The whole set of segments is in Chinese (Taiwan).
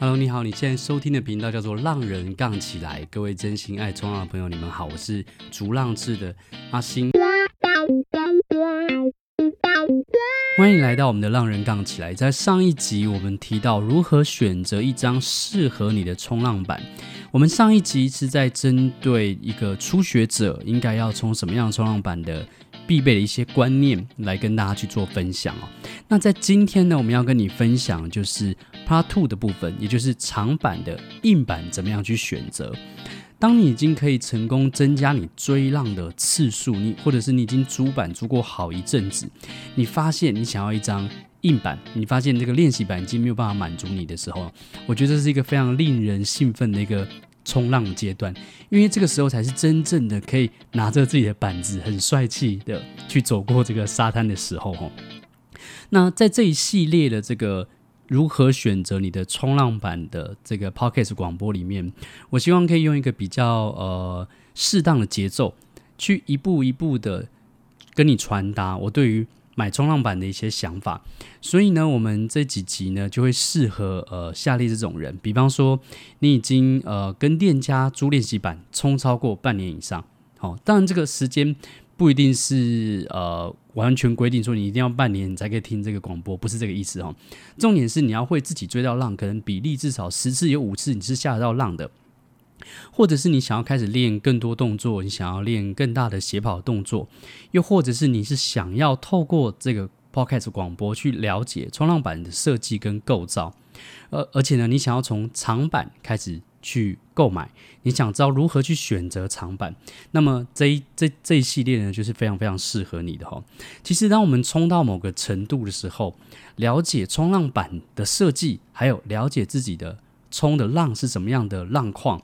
Hello，你好！你現在收聽的頻道叫做《浪人槓起來》，各位真心愛衝浪的朋友，你們好，我是逐浪誌的阿星。嗯嗯嗯嗯嗯嗯，歡迎來到我們的《浪人槓起來》。在上一集，我們提到如何選擇一張適合你的衝浪板。我們上一集是在針對一個初學者應該要從什麼樣的衝浪板的必備的一些觀念來跟大家去做分享哦。那在今天呢，我們要跟你分享就是。Part Two 的部分，也就是長板的硬板怎麼樣去選擇？當你已經可以成功增加你追浪的次數，你或者是你已經租板租過好一陣子，你發現你想要一張硬板，你發現這個練習板已經沒有辦法滿足你的時候，我覺得這是一個非常令人興奮的一個衝浪階段，因為這個時候才是真正的可以拿着自己的板子很帥氣的去走過這個沙灘的時候。吼，那在這一系列的這個。如何選擇你的衝浪板的這個 podcast 廣播裡面，我希望可以用一個比較呃適當的節奏，去一步一步的跟你傳達我對於買衝浪板的一些想法。所以呢，我們這幾集呢就會適合呃下列這種人。比方說，你已經呃跟店家租練習板衝超過半年以上，好，當然這個時間不一定是呃。完全規定說你一定要半年你才可以聽這個廣播，不是這個意思哦，重點是你要會自己追到浪，可能比例至少十次有五次你是下得到浪的，或者是你想要開始練更多動作，你想要練更大的斜跑動作，又或者是你是想要透過這個 podcast 廣播去了解衝浪板的設計跟構造，而、呃、而且呢，你想要從長板開始。去購買，你想知道如何去選擇長板？那麼這一這一這一系列呢，就是非常非常適合你的哦。其實，當我們衝到某個程度的時候，了解衝浪板的設計，還有了解自己的衝的浪是什麼樣的浪況，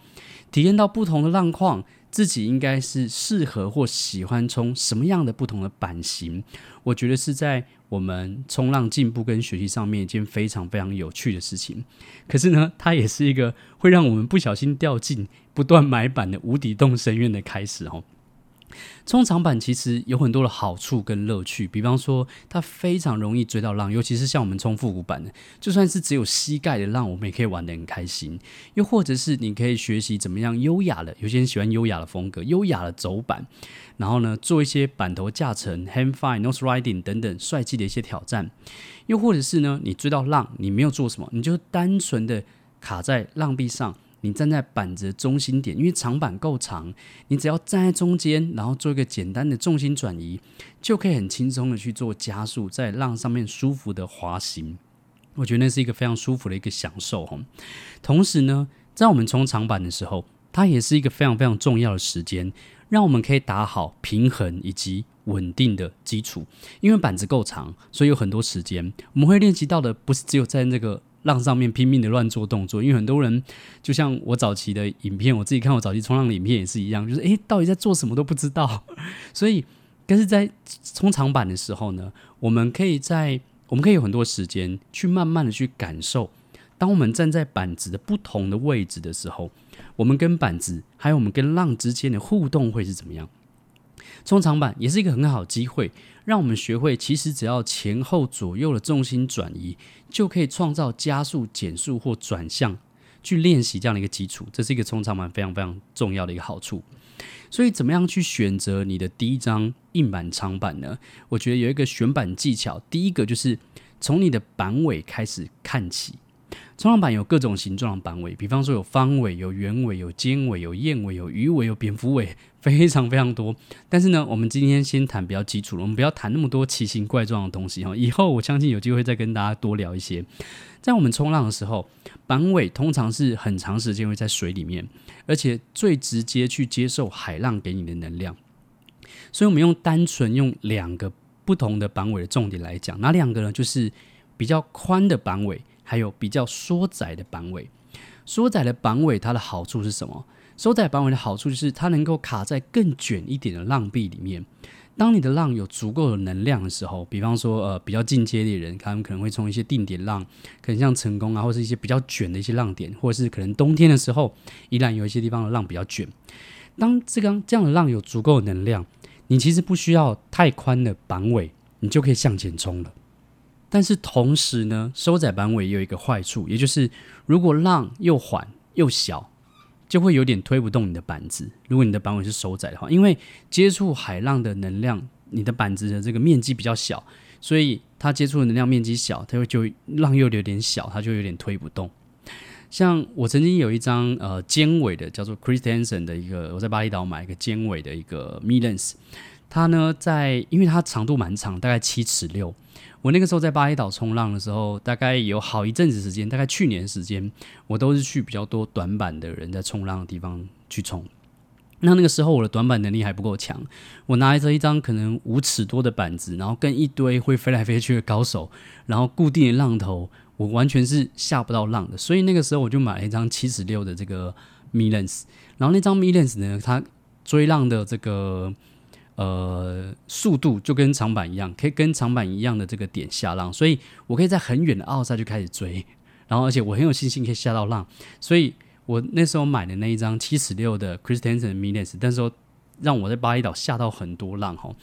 體驗到不同的浪況。自己應該是適合或喜歡衝什麼樣的不同的板型，我覺得是在我們衝浪進步跟學習上面一件非常非常有趣的事情。可是呢，它也是一個會讓我們不小心掉進不斷買板的無底洞深淵的開始哦。衝長板其實有很多的好處跟樂趣，比方說它非常容易追到浪，尤其是像我們衝復古板的，就算是只有膝蓋的浪，我們也可以玩得很開心。又或者是你可以學習怎麼樣優雅的，有些人喜歡優雅的風格，優雅的走板，然後呢做一些板頭駕乘、hang five nose riding 等等帥氣的一些挑戰。又或者是呢，你追到浪，你沒有做什麼，你就單純的卡在浪壁上。你站在板子中心點，因為長板夠長，你只要站在中間，然後做一個簡單的重心轉移，就可以很輕鬆的去做加速，在浪上面舒服的滑行。我覺得那是一個非常舒服的一個享受哈。同時呢，在我們衝長板的時候，它也是一個非常非常重要的時間，讓我們可以打好平衡以及穩定的基礎。因為板子夠長，所以有很多時間，我們會練習到的不是只有在那個。浪上面拼命的亂做動作，因為很多人就像我早期的影片，我自己看我早期衝浪的影片也是一樣，就是哎，到底在做什麼都不知道。所以，但是在衝長板的時候呢，我們可以在我們可以有很多時間去慢慢的去感受，當我們站在板子的不同的位置的時候，我們跟板子還有我們跟浪之間的互動會是怎麼樣？衝長板也是一個很好的機會。讓我們學會，其實只要前後左右的重心轉移，就可以創造加速、減速或轉向。去練習這樣的一個基礎，這是一個衝長板非常非常重要的一個好處。所以，怎麼樣去選擇你的第一張硬板長板呢？我覺得有一個選板技巧，第一個就是從你的板尾開始看起。衝浪板有各種形狀的板尾，比方說有方尾、有圓尾、有尖尾、有燕尾、尾、有魚尾、有蝙蝠尾。非常非常多，但是呢，我們今天先談比較基礎了，我們不要談那麼多奇形怪狀的東西哈。以後我相信有機會再跟大家多聊一些。在我們衝浪的時候，板尾通常是很長時間會在水裡面，而且最直接去接受海浪給你的能量。所以，我們用單純用兩個不同的板尾的重點來講，那兩個呢？就是比較寬的板尾，還有比較縮窄的板尾。縮窄的板尾它的好處是什麼？收窄板尾的好處就是它能夠卡在更捲一點的浪壁裡面。當你的浪有足夠的能量的時候，比方說呃比較進階的人，他們可能會衝一些定點浪，可能像成功啊，或是一些比較捲的一些浪點，或者是可能冬天的時候，依然有一些地方的浪比較捲。當這個這樣的浪有足夠的能量，你其實不需要太寬的板尾，你就可以向前衝了。但是同時呢，收窄板尾也有一個壞處，也就是如果浪又緩又小。就會有點推不動你的板子。如果你的板尾是收窄的話，因為接觸海浪的能量，你的板子的這個面積比較小，所以它接觸的能量面積小，它就會就浪又有點小，它就有點推不動。像我曾經有一張呃尖尾的，叫做 Christensen 的一個，我在巴厘島買一個尖尾的一個 Milans，它呢在，因為它長度蠻長，大概七尺六。我那個時候在巴厘島衝浪的時候，大概有好一陣子時間，大概去年的時間，我都是去比較多短板的人在衝浪的地方去衝。那那個時候我的短板能力還不夠強，我拿着一張可能五尺多的板子，然後跟一堆會飛來飛去的高手，然後固定的浪頭，我完全是下不到浪的。所以那個時候我就買了一張七尺六的這個 Milans，然後那張 Milans 呢，它追浪的這個。呃，速度就跟長板一樣，可以跟長板一樣的這個點下浪，所以我可以在很遠的奧賽就開始追，然後而且我很有信心可以下到浪，所以我那時候買的那一張七十六的 Christenson Minis，那時候讓我在巴厘島下到很多浪哈。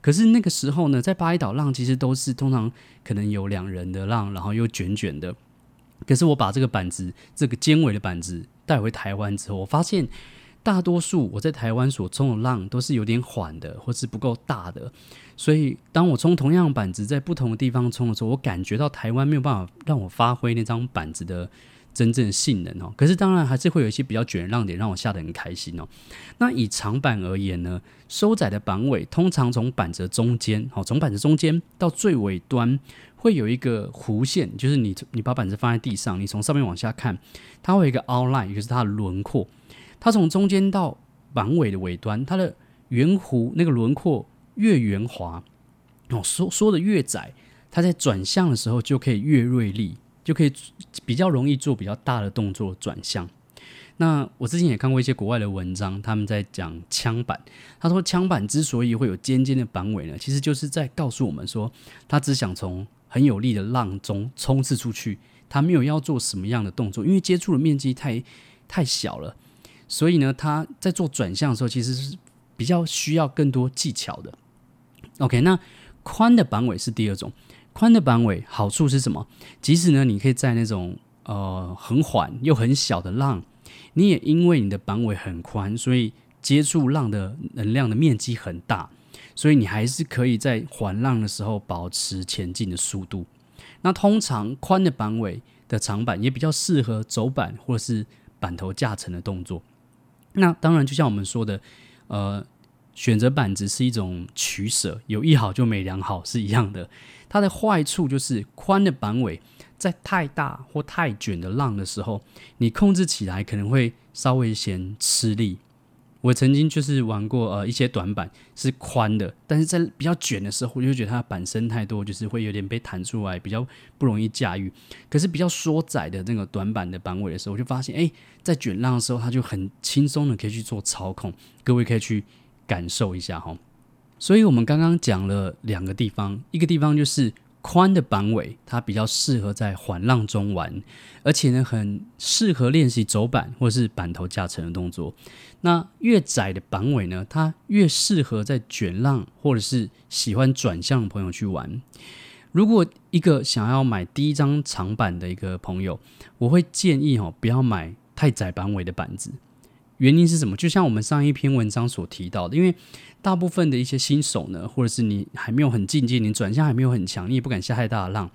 可是那個時候呢，在巴厘島浪其實都是通常可能有兩人的浪，然後又捲捲的。可是我把這個板子，這個尖尾的板子帶回台灣之後，我發現。大多數我在台灣所衝的浪都是有點緩的，或是不夠大的，所以當我衝同樣的板子在不同的地方衝的時候，我感覺到台灣沒有辦法讓我發揮那張板子的真正性能哦。可是當然還是會有一些比較捲的浪點讓我下得很開心哦。那以長板而言呢，收窄的板尾通常從板子中間、哦、從板子中間到最尾端會有一個弧線，就是你你把板子放在地上，你從上面往下看，它會有一個 outline，也就是它的輪廓。它從中間到板尾的尾端，它的圓弧那個輪廓越圓滑，哦縮，縮得越窄，它在轉向的時候就可以越銳利，就可以比較容易做比較大的動作轉向。那我之前也看過一些國外的文章，他們在講槍板，他說槍板之所以會有尖尖的板尾呢，其實就是在告訴我們說，他只想從很有力的浪中衝刺出去，他沒有要做什麼樣的動作，因為接觸的面積太太小了。所以呢，它在做轉向的時候，其實是比較需要更多技巧的。OK，那寬的板尾是第二種，寬的板尾好處是什麼？即使呢，你可以在那種呃很緩又很小的浪，你也因為你的板尾很寬，所以接觸浪的能量的面積很大，所以你還是可以在緩浪的時候保持前進的速度。那通常寬的板尾的長板也比較適合走板或是板頭駕乘的動作。那當然，就像我們說的，呃，選擇板子是一種取捨，有一好就沒兩好是一樣的。它的壞處就是寬的板尾，在太大或太捲的浪的時候，你控制起來可能會稍微嫌吃力。我曾經就是玩過呃一些短板是寬的，但是在比較捲的時候，我就覺得它的板身太多，就是會有點被彈出來，比較不容易駕馭。可是比較縮窄的那個短板的板尾的時候，我就發現，哎，在捲浪的時候，它就很輕鬆的可以去做操控。各位可以去感受一下哈。所以我們剛剛講了兩個地方，一個地方就是。寬的板尾，它比較適合在緩浪中玩，而且呢，很適合練習走板或者是板頭架成的動作。那越窄的板尾呢，它越適合在捲浪或者是喜歡轉向的朋友去玩。如果一個想要買第一張長板的一個朋友，我會建議哦、喔，不要買太窄板尾的板子。原因是什麼？就像我們上一篇文章所提到的，因為。大部分的一些新手呢，或者是你還沒有很進階，你轉向還沒有很強，你也不敢下太大的浪。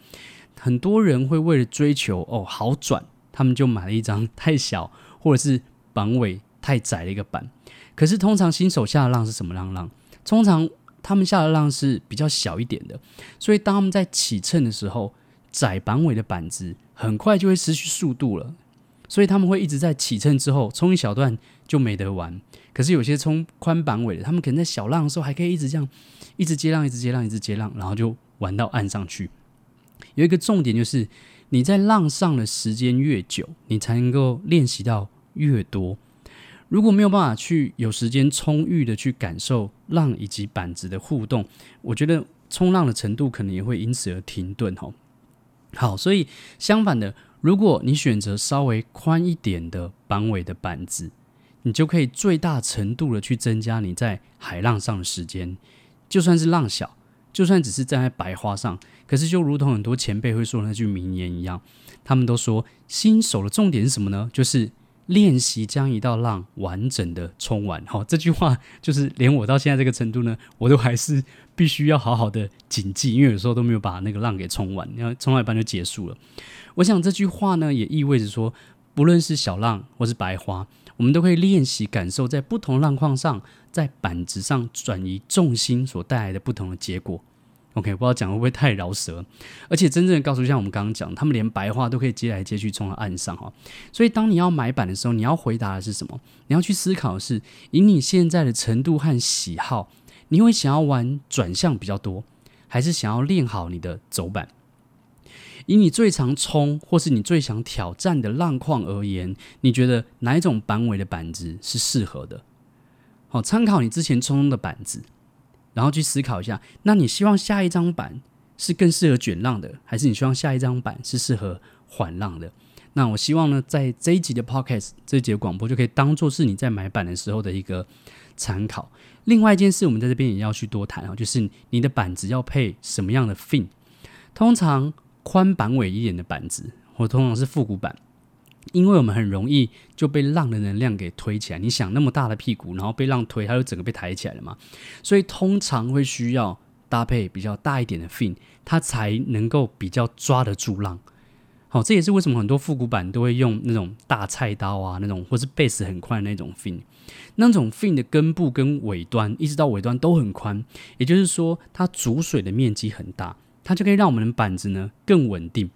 很多人會為了追求哦，好轉，他們就買了一張太小或者是板尾太窄的一個板。可是通常新手下的浪是什麼浪浪？通常他們下的浪是比較小一點的。所以當他們在起乘的時候，窄板尾的板子很快就會失去速度了。所以他們會一直在起乘之後衝一小段就沒得玩。可是有些衝寬板尾的，他們可能在小浪的時候還可以一直這樣，一直接浪，一直接浪，一直接浪，然後就玩到岸上去。有一個重點就是，你在浪上的時間越久，你才能夠練習到越多。如果沒有辦法去有時間充裕的去感受浪以及板子的互動，我覺得衝浪的程度可能也會因此而停頓吼，好，所以相反的，如果你選擇稍微寬一點的板尾的板子，你就可以最大程度的去增加你在海浪上的時間，就算是浪小，就算只是站在白花上，可是就如同很多前輩會說的那句名言一樣，他們都說新手的重點是什麼呢？就是練習將一道浪完整的衝完。好，這句話就是連我到現在這個程度呢，我都還是必須要好好的謹記，因為有時候都沒有把那個浪給衝完，然後衝完一半就結束了。我想這句話呢，也意味着說，不論是小浪或是白花。我們都可以練習感受，在不同的浪況上，在板子上轉移重心所帶來的不同的結果。OK，我不知道講會不會太饒舌，而且真正的高手，像我們剛剛講，他們連白花都可以接來接去衝到岸上哈。所以當你要買板的時候，你要回答的是什麼？你要去思考的是，以你現在的程度和喜好，你會想要玩轉向比較多，還是想要練好你的走板？以你最常衝，或是你最想挑戰的浪況而言，你覺得哪一種板尾的板子是適合的？好，參考你之前衝的板子，然後去思考一下，那你希望下一張板是更適合捲浪的，還是你希望下一張板是適合緩浪的？那我希望呢，在這一集的 podcast 這一集的廣播就可以當做是你在買板的時候的一個參考。另外一件事，我們在這邊也要去多談啊，就是你的板子要配什麼樣的 fin，通常。寬板尾一點的板子，我、哦、通常是復古板，因為我們很容易就被浪的能量給推起來。你想那麼大的屁股，然後被浪推，它就整個被抬起來了嘛。所以通常會需要搭配比較大一點的 fin，它才能夠比較抓得住浪。好、哦，這也是為什麼很多復古板都會用那種大菜刀啊，那種或是 base 很寬的那種 fin，那種 fin 的根部跟尾端一直到尾端都很寬，也就是說它阻水的面積很大。它就可以讓我們的板子呢更穩定，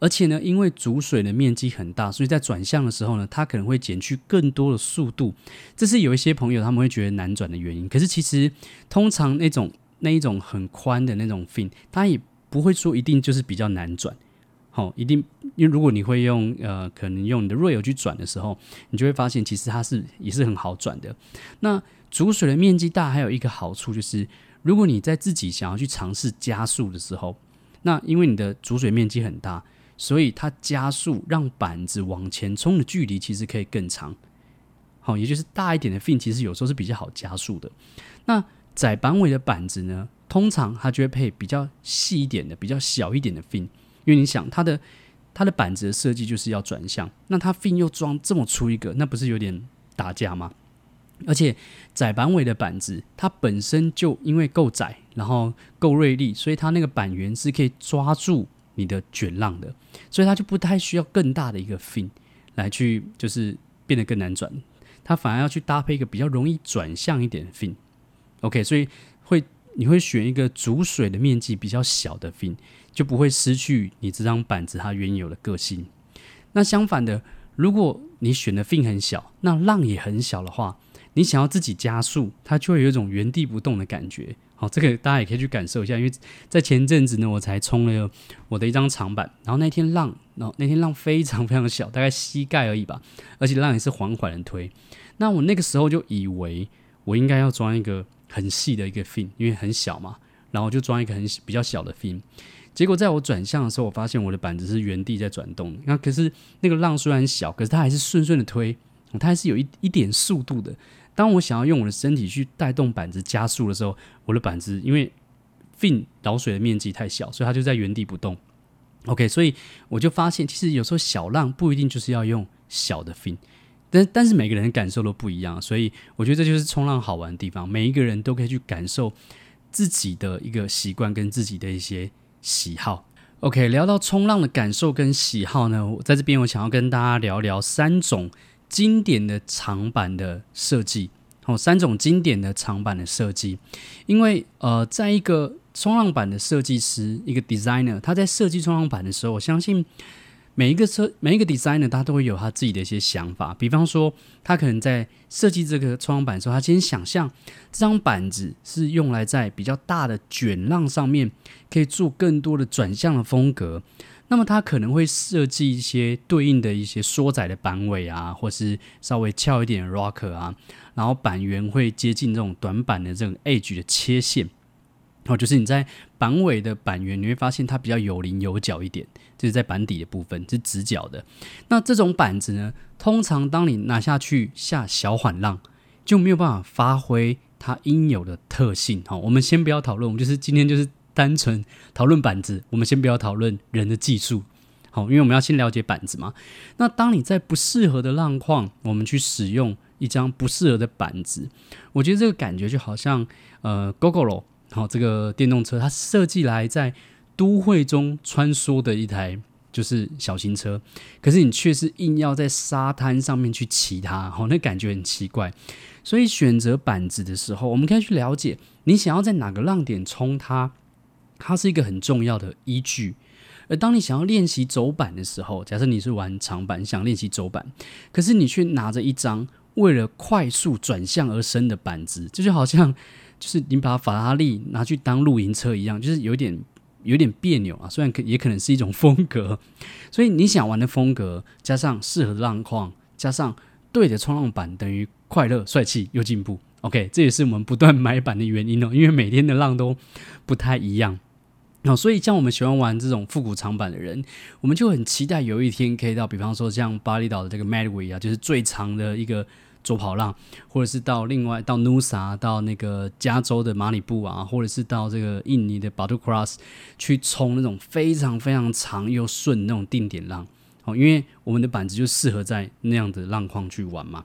而且呢，因為煮水的面積很大，所以在轉向的時候呢，它可能會減去更多的速度，這是有一些朋友他們會覺得難轉的原因。可是其實，通常那種那一種很寬的那種 fin，它也不會說一定就是比較難轉。好、哦，一定，因為如果你會用呃，可能用你的 rail 去轉的時候，你就會發現其實它是也是很好轉的。那煮水的面積大，還有一個好處就是。如果你在自己想要去嘗試加速的時候，那因為你的阻水面積很大，所以它加速讓板子往前衝的距離其實可以更長。好，也就是大一點的 fin，其實有時候是比較好加速的。那窄板尾的板子呢，通常它就會配比較細一點的、比較小一點的 fin，因為你想它的它的板子的設計就是要轉向，那它 fin 又裝這麼粗一個，那不是有點打架嗎？而且窄板尾的板子，它本身就因為夠窄，然後夠銳利，所以它那個板緣是可以抓住你的捲浪的，所以它就不太需要更大的一個 fin 來去，就是變得更難轉。它反而要去搭配一個比較容易轉向一點的 fin。OK，所以會你會選一個主水的面積比較小的 fin，就不會失去你這張板子它原有的個性。那相反的，如果你選的 fin 很小，那浪也很小的話，你想要自己加速，它就會有一種原地不動的感覺。好，這個大家也可以去感受一下，因為在前陣子呢，我才衝了我的一張長板，然後那天浪，然後那天浪非常非常小，大概膝蓋而已吧，而且浪也是緩緩的推。那我那個時候就以為我應該要裝一個很細的一個 fin，因為很小嘛，然後就裝一個很比較小的 fin。結果在我轉向的時候，我發現我的板子是原地在轉動。那可是那個浪雖然小，可是它還是順順的推，它還是有一，一點速度的。當我想要用我的身體去帶動板子加速的時候，我的板子因為 fin 導水的面積太小，所以它就在原地不動。OK，所以我就發現，其實有時候小浪不一定就是要用小的 fin，但但是每個人的感受都不一樣，所以我覺得這就是衝浪好玩的地方，每一個人都可以去感受自己的一個習慣跟自己的一些喜好。OK，聊到衝浪的感受跟喜好呢，在這邊我想要跟大家聊聊三種經典的長板的設計，哦，三種經典的長板的設計，因為呃，在一個衝浪板的設計師，一個 designer，他在設計衝浪板的時候，我相信每一個設每一個 designer，他都會有他自己的一些想法。比方說，他可能在設計這個衝浪板的時候，他先想象這張板子是用來在比較大的捲浪上面，可以做更多的轉向的風格。那麼它可能會設計一些對應的一些縮窄的板尾啊，或是稍微翹一點的 rocker 啊，然後板緣會接近這種短板的這種 edge 的切線，哦，就是你在板尾的板緣，你會發現它比較有稜有角一點，就是在板底的部分是直角的。那這種板子呢，通常當你拿下去下小緩浪，就沒有辦法發揮它應有的特性。好、哦，我們先不要討論，我們就是今天就是。單純討論板子，我們先不要討論人的技術，好，因為我們要先了解板子嘛。那當你在不適合的浪況，我們去使用一張不適合的板子，我覺得這個感覺就好像呃，Gogoro，好，這個電動車，它設計來在都會中穿梭的一台就是小型車，可是你卻是硬要在沙灘上面去騎它，好，那感覺很奇怪。所以選擇板子的時候，我們可以去了解你想要在哪個浪點衝它。它是一個很重要的依據，而當你想要練習走板的時候，假設你是玩長板，想練習走板，可是你卻拿着一張為了快速轉向而生的板子，這就好像就是你把法拉利拿去當露營車一樣，就是有點有點別扭啊。雖然可也可能是一種風格，所以你想玩的風格，加上適合的浪況，加上對的衝浪板等，等於快樂、帥氣又進步。OK，這也是我們不斷買板的原因哦、喔，因為每天的浪都不太一樣。那、哦、所以，像我們喜歡玩這種復古長板的人，我們就很期待有一天可以到，比方說像巴厘島的這個 Medway 啊，就是最長的一個左跑浪，或者是到另外到 Nusa 到那個加州的馬里布啊，或者是到這個印尼的 Batu Cross 去衝那種非常非常長又順那種定點浪。哦，因為我們的板子就適合在那樣的浪況去玩嘛。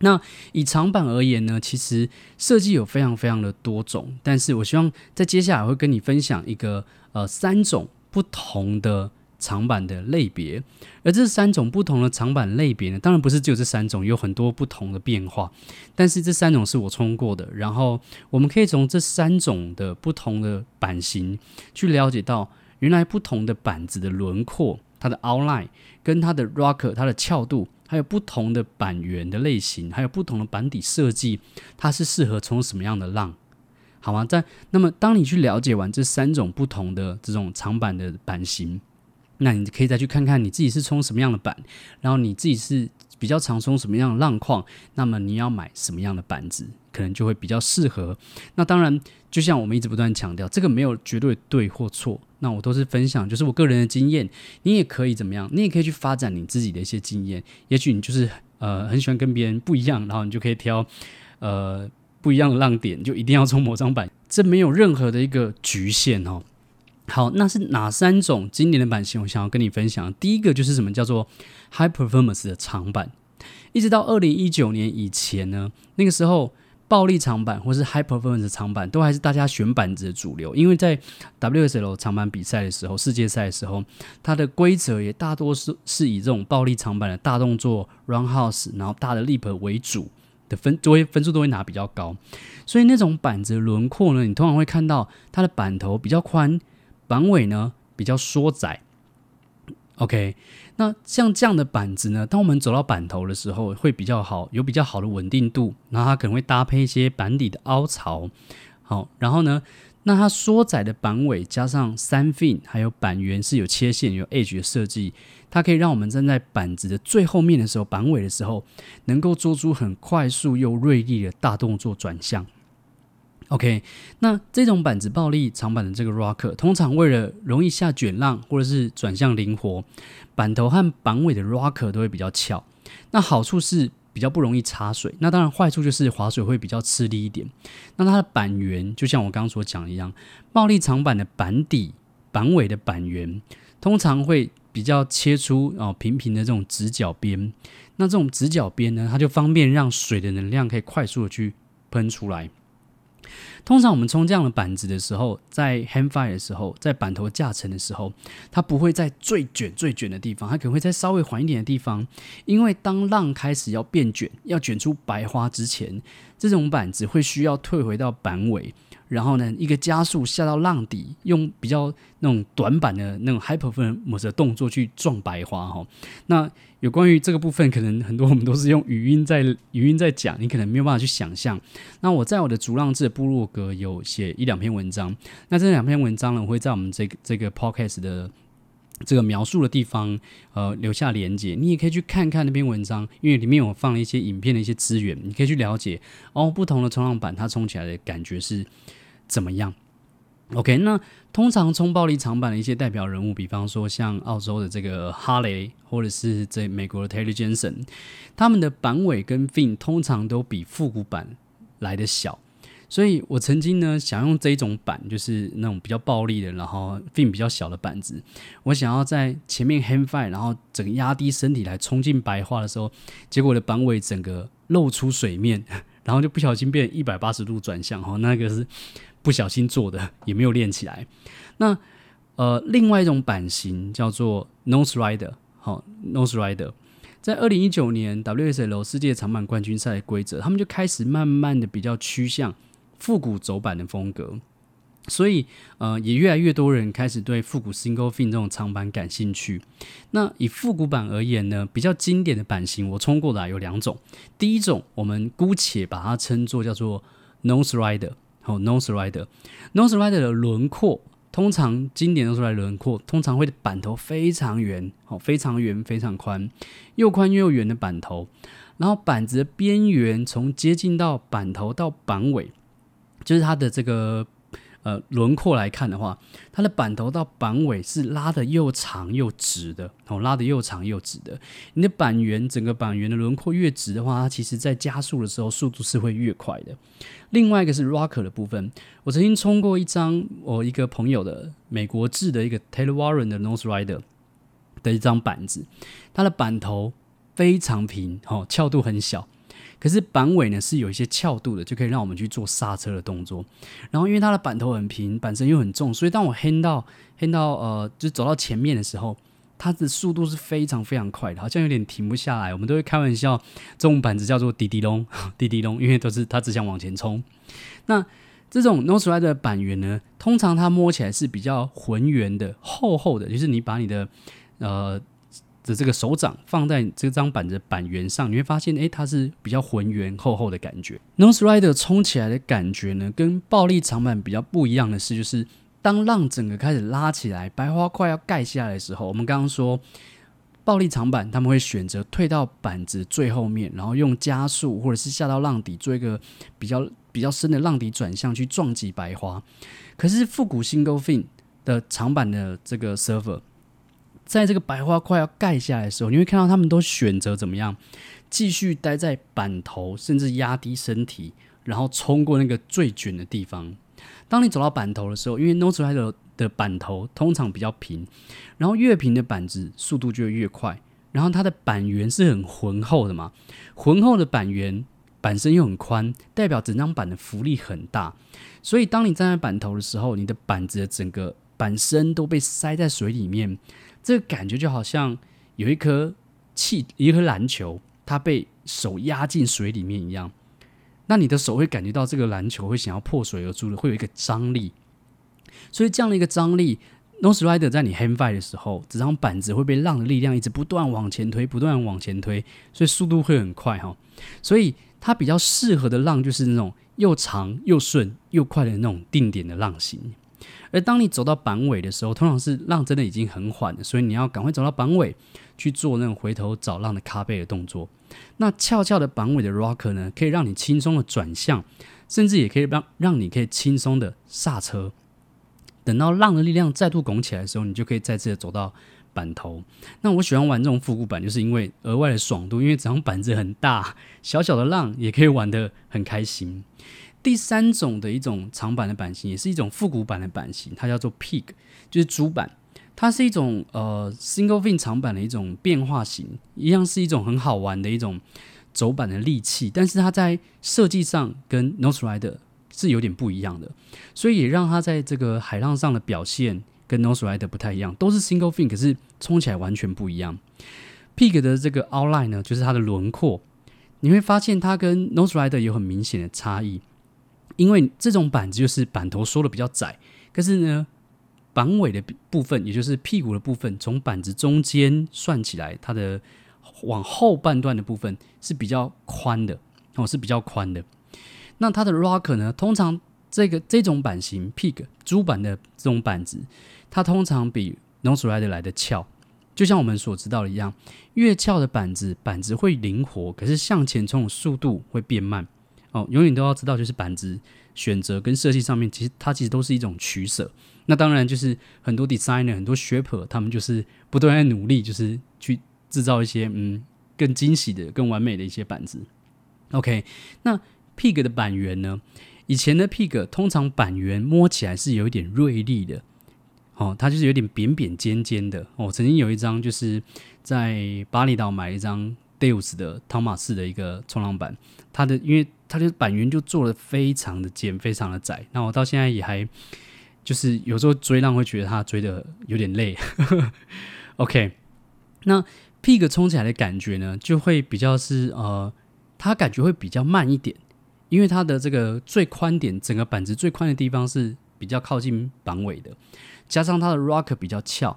那以長板而言呢，其實設計有非常非常的多種，但是我希望在接下來會跟你分享一個呃三種不同的長板的類別，而這三種不同的長板類別呢，當然不是只有這三種，有很多不同的變化，但是這三種是我衝過的，然後我們可以從這三種的不同的板型去了解到原來不同的板子的輪廓。它的 outline 跟它的 rocker，它的翹度，還有不同的板緣的類型，還有不同的板底設計，它是適合衝什麼樣的浪？好嗎？在那麼，當你去了解完這三種不同的這種長板的版型，那你可以再去看看你自己是衝什麼樣的板，然後你自己是比較常衝什麼樣的浪況，那麼你要買什麼樣的板子，可能就會比較適合。那當然。就像我們一直不斷強調，這個沒有絕對對或錯。那我都是分享，就是我個人的經驗。你也可以怎麼樣？你也可以去發展你自己的一些經驗。也許你就是呃很喜歡跟別人不一樣，然後你就可以挑呃不一樣的浪點，就一定要衝某張板。這沒有任何的一個局限哦。好，那是哪三種經典的版型？我想要跟你分享。第一個就是什麼叫做 high performance 的長板，一直到2019年以前呢，那個時候。暴力長板或是 high performance 長板都還是大家選板子的主流，因為在 WSL 長板比賽的時候，世界賽的時候，它的規則也大多是是以這種暴力長板的大動作 roundhouse，然後大的 leap 為主，的分作為分數都會拿比較高，所以那種板子的輪廓呢，你通常會看到它的板頭比較寬，板尾呢比較縮窄。OK。那像這樣的板子呢，當我們走到板頭的時候，會比較好，有比較好的穩定度。然後它可能會搭配一些板底的凹槽，好。然後呢，那它縮窄的板尾加上三 fin，還有板緣是有切線、有 edge 的設計，它可以讓我們站在板子的最後面的時候，板尾的時候，能夠做出很快速又銳利的大動作轉向。OK，那這種板子暴力長板的這個 rocker，通常為了容易下卷浪或者是轉向靈活，板頭和板尾的 rocker 都會比較翹。那好處是比較不容易插水，那當然壞處就是划水會比較吃力一點。那它的板緣就像我剛剛所講一樣，暴力長板的板底、板尾的板緣通常會比較切出哦平平的這種直角邊。那這種直角邊呢，它就方便讓水的能量可以快速的去噴出來。通常我們衝這樣的板子的時候，在 hang five 的時候，在板頭下沉的時候，它不會在最捲最捲的地方，它可能會在稍微緩一點的地方，因為當浪開始要變捲，要捲出白花之前，這種板子會需要退回到板尾。然後呢，一個加速下到浪底，用比較那種短板的那種 hyper firm 模式動作去撞白花哈、哦。那有關於這個部分，可能很多我們都是用語音在語音在講，你可能沒有辦法去想象。那我在我的逐浪誌的部落格有寫一兩篇文章，那這兩篇文章呢，我會在我們這個這個 podcast 的，這個描述的地方，呃，留下連接，你也可以去看看那篇文章，因為裡面我放了一些影片的一些資源，你可以去了解哦。不同的衝浪板，它衝起來的感覺是怎麼樣？OK，那通常衝暴力長板的一些代表人物，比方說像澳洲的這個哈雷，或者是在美國的 Taylor Jensen，他們的板尾跟 Fin 通常都比復古板來得小。所以我曾經呢，想用這一種板，就是那種比較暴力的，然後 fin 比較小的板子。我想要在前面 hang five，然後整個壓低身體來衝進白花的時候，結果我的板尾整個露出水面，然後就不小心變一百八十度轉向，哦，那個是不小心做的，也沒有練起來。那呃，另外一種板型叫做 nose rider，好 nose rider，在二零一九年 WSL 世界長板冠軍賽的規則，他們就開始慢慢的比較趨向。復古走板的風格，所以呃，也越來越多人開始對復古 single fin 這種長板感興趣。那以復古板而言呢，比較經典的板型，我衝過的有兩種。第一種，我們姑且把它稱作叫做 nose rider，好、oh, nose rider，nose rider 的輪廓，通常經典都是來輪廓，通常會的板頭非常圓，好、oh, 非常圓非常寬，又寬又圓的板頭，然後板子的邊緣從接近到板頭到板尾。就是它的這個呃輪廓來看的話，它的板頭到板尾是拉得又長又直的，哦，拉得又長又直的。你的板緣，整個板緣的輪廓越直的話，它其實在加速的時候速度是會越快的。另外一個是 rocker 的部分，我曾經衝過一張我一個朋友的美國製的一個 Taylor Warren 的 Nose Rider 的一張板子，它的板頭非常平，哦，翹度很小。可是板尾呢是有一些翹度的，就可以讓我們去做剎車的動作。然後因為它的板頭很平，板身又很重，所以當我 hang 到 hang 到呃，就走到前面的時候，它的速度是非常非常快的，好像有點停不下來。我們都會開玩笑，這種板子叫做“滴滴龍”，滴滴龍，因為都是它只想往前衝。那這種 nose ride 的板緣呢，通常它摸起來是比較渾圓的、厚厚的，就是你把你的呃。的這個手掌放在這張板子的板緣上，你會發現，哎、欸，它是比較渾圓、厚厚的感覺。Nose Rider 衝起來的感覺呢，跟暴力長板比較不一樣的是，就是當浪整個開始拉起來，白花快要蓋下來的時候，我們剛剛說，暴力長板他們會選擇退到板子最後面，然後用加速或者是下到浪底做一個比較比較深的浪底轉向去撞擊白花。可是復古 Single Fin 的長板的這個 server。在這個白花快要蓋下來的時候，你會看到他們都選擇怎麼樣，繼續待在板頭，甚至壓低身體，然後衝過那個最捲的地方。當你走到板頭的時候，因為 nose rider 的板頭通常比較平，然後越平的板子速度就越快。然後它的板緣是很渾厚的嘛，渾厚的板緣板身又很寬，代表整張板的浮力很大。所以當你站在板頭的時候，你的板子的整個板身都被塞在水裡面。這個感覺就好像有一顆氣，一顆籃球，它被手壓進水裡面一樣。那你的手會感覺到這個籃球會想要破水而出的，會有一個張力。所以這樣的一個張力，nose ride 在你 hang five 的時候，這張板子會被浪的力量一直不斷往前推，不斷往前推，所以速度會很快哈、哦。所以它比較適合的浪就是那種又長又順又快的那種定點的浪型。而當你走到板尾的時候，通常是浪真的已經很緩了。所以你要趕快走到板尾去做那種回頭找浪的卡背的動作。那翹翹的板尾的 rocker 呢，可以讓你輕鬆的轉向，甚至也可以讓讓你可以輕鬆的剎車。等到浪的力量再度拱起來的時候，你就可以再次的走到板頭。那我喜歡玩這種複古板，就是因為額外的爽度，因為整張板子很大，小小的浪也可以玩得很開心。第三種的一種長板的版型，也是一種複古版的版型，它叫做 Pig，就是豬板。它是一種呃 single fin 長板的一種變化型，一樣是一種很好玩的一種走板的利器。但是它在設計上跟 Nose Rider 是有點不一樣的，所以也讓它在這個海浪上的表現跟 Nose Rider 不太一樣，都是 single fin，可是衝起來完全不一樣。Pig 的這個 outline 呢，就是它的輪廓，你會發現它跟 Nose Rider 有很明顯的差異。因為這種板子就是板頭縮的比較窄，可是呢，板尾的部分，也就是屁股的部分，從板子中間算起來，它的往後半段的部分是比較寬的哦，是比較寬的。那它的 rocker 呢？通常這個這種板型，pig 豬板的這種板子，它通常比 noserider 來的翹。就像我們所知道的一樣，越翹的板子，板子會靈活，可是向前衝的速度會變慢。哦，永遠都要知道，就是板子選擇跟設計上面，其實它其實都是一種取捨。那當然，就是很多 designer、很多 shaper 他們就是不斷在努力，就是去製造一些嗯更驚喜的、更完美的一些板子。OK，那 Pig 的板緣呢？以前的 Pig 通常板緣摸起來是有一點銳利的，哦，它就是有點扁扁尖尖尖的。哦，曾經有一張，就是在巴厘島買一張 Dave's 的湯馬仕的一個衝浪板，它的因為。它就板圓就做的非常的尖，非常的窄。那我到現在也還就是有時候追浪會覺得它追的有點累。 OK，那 Pig 衝起來的感覺呢，就會比較是呃，它感覺會比較慢一點，因為它的這個最寬點，整個板子最寬的地方是比較靠近板尾的，加上它的 Rock 比較翹，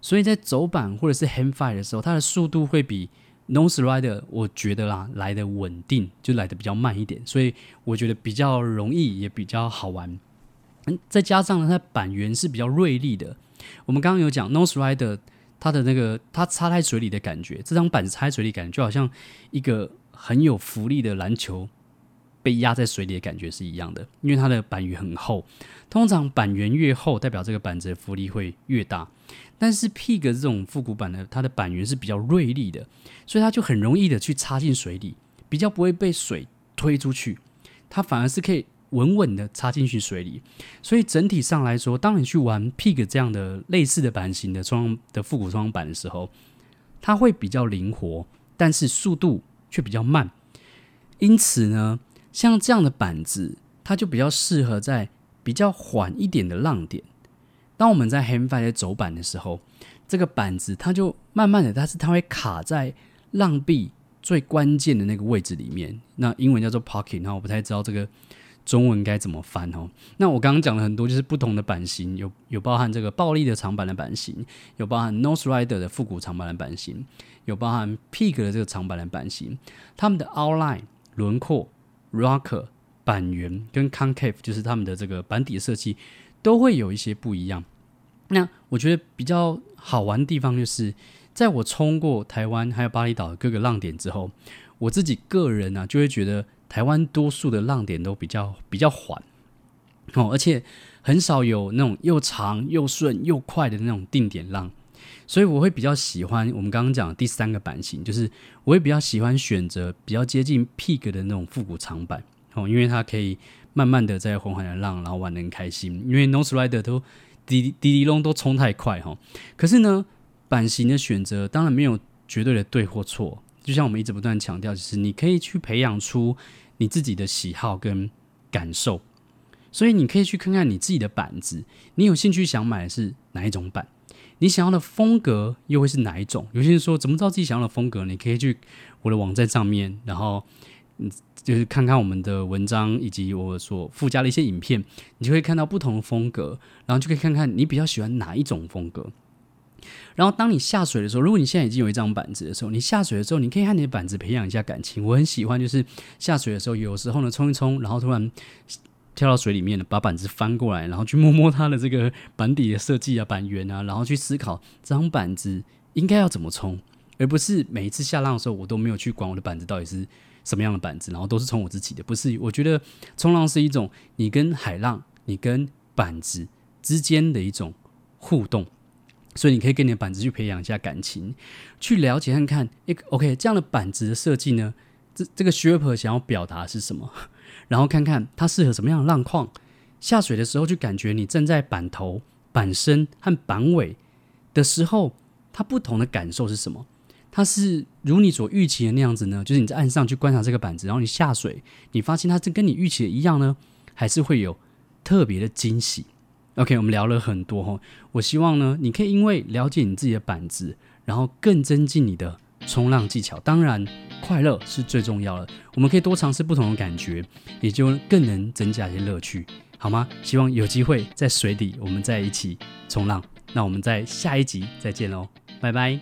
所以在走板或者是 Hang Five 的時候，它的速度會比。Nose rider，我覺得啦，來的穩定，就來的比較慢一點，所以我覺得比較容易，也比較好玩。嗯，再加上呢，它板緣是比較銳利的。我們剛剛有講 nose rider，它的那個它插在水裡的感覺，這張板子插在水裡的感覺就好像一個很有浮力的籃球。被壓在水裡的感覺是一樣的，因為它的板緣很厚。通常板緣越厚，代表這個板子的浮力會越大。但是 Pig 這種復古板呢，它的板緣是比較銳利的，所以它就很容易的去插進水裡，比較不會被水推出去。它反而是可以穩穩的插進去水裡。所以整體上來說，當你去玩 Pig 這樣的類似的板型的衝的復古衝板的時候，它會比較靈活，但是速度卻比較慢。因此呢。像這樣的板子，它就比較適合在比較緩一點的浪點。當我們在 hang five 走板的時候，這個板子它就慢慢的，但是它會卡在浪壁最關鍵的那個位置裡面。那英文叫做 pocket，那我不太知道這個中文該怎麼翻哦。那我剛剛講了很多，就是不同的板型，有有包含這個暴力的長板的板型，有包含 nose rider 的復古長板的板型，有包含 peak 的這個長板的板型，它們的 outline 輪廓。Rocker 板緣跟 Concave 就是他們的這個板底設計都會有一些不一樣。那我覺得比較好玩的地方就是，在我衝過台灣還有巴厘島的各個浪點之後，我自己個人呢、啊、就會覺得台灣多數的浪點都比較比較緩哦，而且很少有那種又長又順又快的那種定點浪。所以我會比較喜歡我們剛剛講的第三個板型，就是我會比較喜歡選擇比較接近 Pig 的那種復古長板哦，因為它可以慢慢的在緩緩的浪，然後玩的很開心。因為 Noserider 都滴滴滴隆都衝太快哈、哦。可是呢，板型的選擇當然沒有絕對的對或錯，就像我們一直不斷強調，就是你可以去培養出你自己的喜好跟感受。所以你可以去看看你自己的板子，你有興趣想買的是哪一種板？你想要的風格又會是哪一種？有些人說，怎麼知道自己想要的風格？你可以去我的網站上面，然後嗯，就是看看我們的文章以及我所附加的一些影片，你就會看到不同的風格，然後就可以看看你比較喜歡哪一種風格。然後當你下水的時候，如果你現在已經有一張板子的時候，你下水的時候，你可以和你的板子培養一下感情。我很喜歡，就是下水的時候，有時候呢衝一衝，然後突然。跳到水裡面把板子翻過來，然後去摸摸它的這個板底的設計啊，板緣啊，然後去思考這張板子應該要怎麼衝，而不是每一次下浪的時候，我都沒有去管我的板子到底是什麼樣的板子，然後都是衝我自己的。不是，我覺得衝浪是一種你跟海浪、你跟板子之間的一種互動，所以你可以跟你的板子去培養一下感情，去了解看看。欸、OK 這樣的板子的設計呢，這這個 shape 想要表達是什麼？然後看看它適合什麼樣的浪況，下水的時候就感覺你站在板頭、板身和板尾的時候，它不同的感受是什麼？它是如你所預期的那樣子呢？就是你在岸上去觀察這個板子，然後你下水，你發現它跟你預期的一樣呢？還是會有特別的驚喜？OK，我們聊了很多哈、哦，我希望呢，你可以因為了解你自己的板子，然後更增進你的衝浪技巧。當然。快樂是最重要的，我們可以多嘗試不同的感覺，也就更能增加一些樂趣，好嗎？希望有機會在水底，我們再一起衝浪。那我們在下一集再見嘍，拜拜。